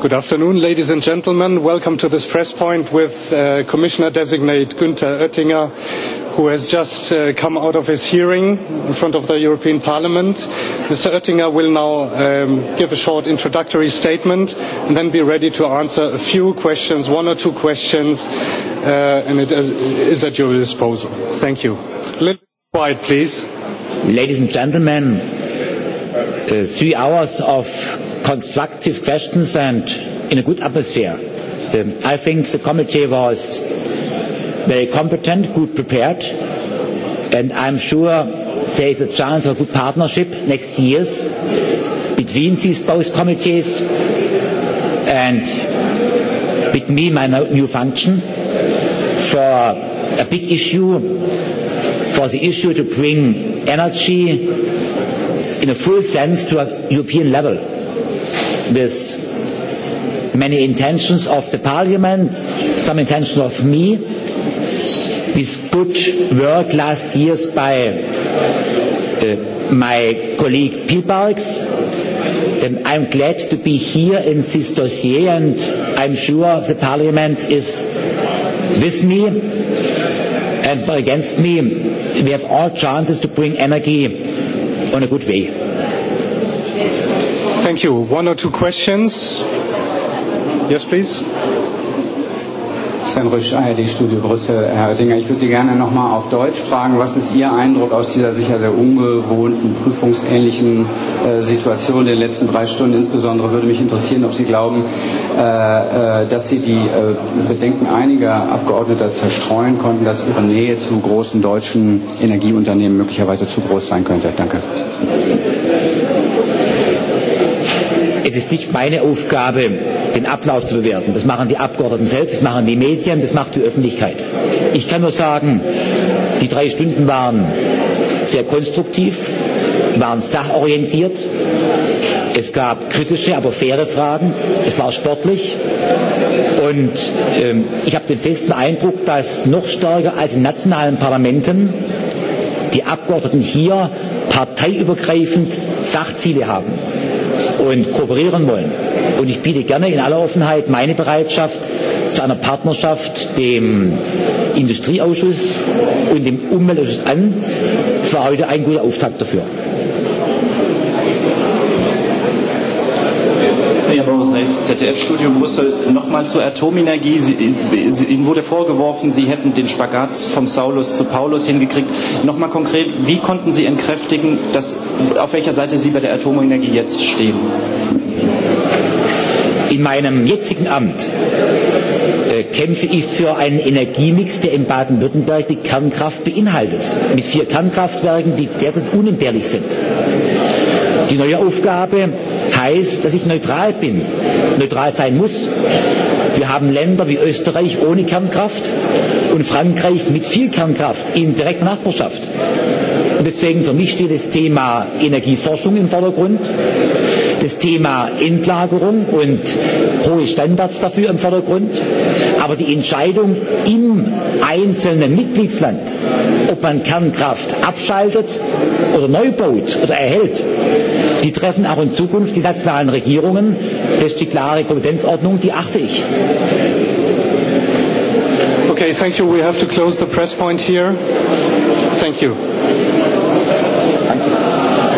Good afternoon, ladies and gentlemen. Welcome to this press point with uh, Commissioner-designate Günther Oettinger, who has just uh, come out of his hearing in front of the European Parliament. Mr. Oettinger will now um, give a short introductory statement and then be ready to answer a few questions, one or two questions, uh, and it is at your disposal. Thank you. A little quiet, please. Ladies and gentlemen, uh, three hours of constructive questions and in a good atmosphere. The, I think the committee was very competent, good prepared, and I'm sure there is a chance of a good partnership next years between these both committees and with me, my new function, for a big issue, for the issue to bring energy in a full sense to a European level with many intentions of the parliament, some intention of me. This good work last year by uh, my colleague Pibalks. Um, I'm glad to be here in this dossier and I'm sure the parliament is with me and against me. We have all chances to bring energy on a good way thank you. One or two questions? Yes, please. Sven Rüsch, ARD Studio Brüssel. Herr Oettinger, ich würde Sie gerne nochmal auf Deutsch fragen, was ist Ihr Eindruck aus dieser sicher sehr ungewohnten, prüfungsähnlichen äh, Situation der letzten drei Stunden? Insbesondere würde mich interessieren, ob Sie glauben, äh, äh, dass Sie die äh, Bedenken einiger Abgeordneter zerstreuen konnten, dass Ihre Nähe zu großen deutschen Energieunternehmen möglicherweise zu groß sein könnte. Danke. Es ist nicht meine Aufgabe, den Ablauf zu bewerten. Das machen die Abgeordneten selbst, das machen die Medien, das macht die Öffentlichkeit. Ich kann nur sagen, die drei Stunden waren sehr konstruktiv, waren sachorientiert. Es gab kritische, aber faire Fragen. Es war sportlich. Und ähm, ich habe den festen Eindruck, dass noch stärker als in nationalen Parlamenten die Abgeordneten hier parteiübergreifend Sachziele haben und kooperieren wollen. Und ich biete gerne in aller Offenheit meine Bereitschaft zu einer Partnerschaft dem Industrieausschuss und dem Umweltausschuss an. Es war heute ein guter Auftakt dafür. das ZDF-Studio Brüssel. Nochmal zur Atomenergie. Sie, Sie, Ihnen wurde vorgeworfen, Sie hätten den Spagat vom Saulus zu Paulus hingekriegt. Nochmal konkret, wie konnten Sie entkräftigen, dass, auf welcher Seite Sie bei der Atomenergie jetzt stehen? In meinem jetzigen Amt äh, kämpfe ich für einen Energiemix, der in Baden-Württemberg die Kernkraft beinhaltet, mit vier Kernkraftwerken, die derzeit unentbehrlich sind. Die neue Aufgabe heißt, dass ich neutral bin, neutral sein muss. Wir haben Länder wie Österreich ohne Kernkraft und Frankreich mit viel Kernkraft in direkter Nachbarschaft. Und deswegen für mich steht das Thema Energieforschung im Vordergrund das Thema Endlagerung und hohe Standards dafür im Vordergrund. Aber die Entscheidung im einzelnen Mitgliedsland, ob man Kernkraft abschaltet oder neu baut oder erhält, die treffen auch in Zukunft die nationalen Regierungen. Das ist die klare Kompetenzordnung, die achte ich. Okay, thank you. We have to close the press point here. Thank you. Thank you.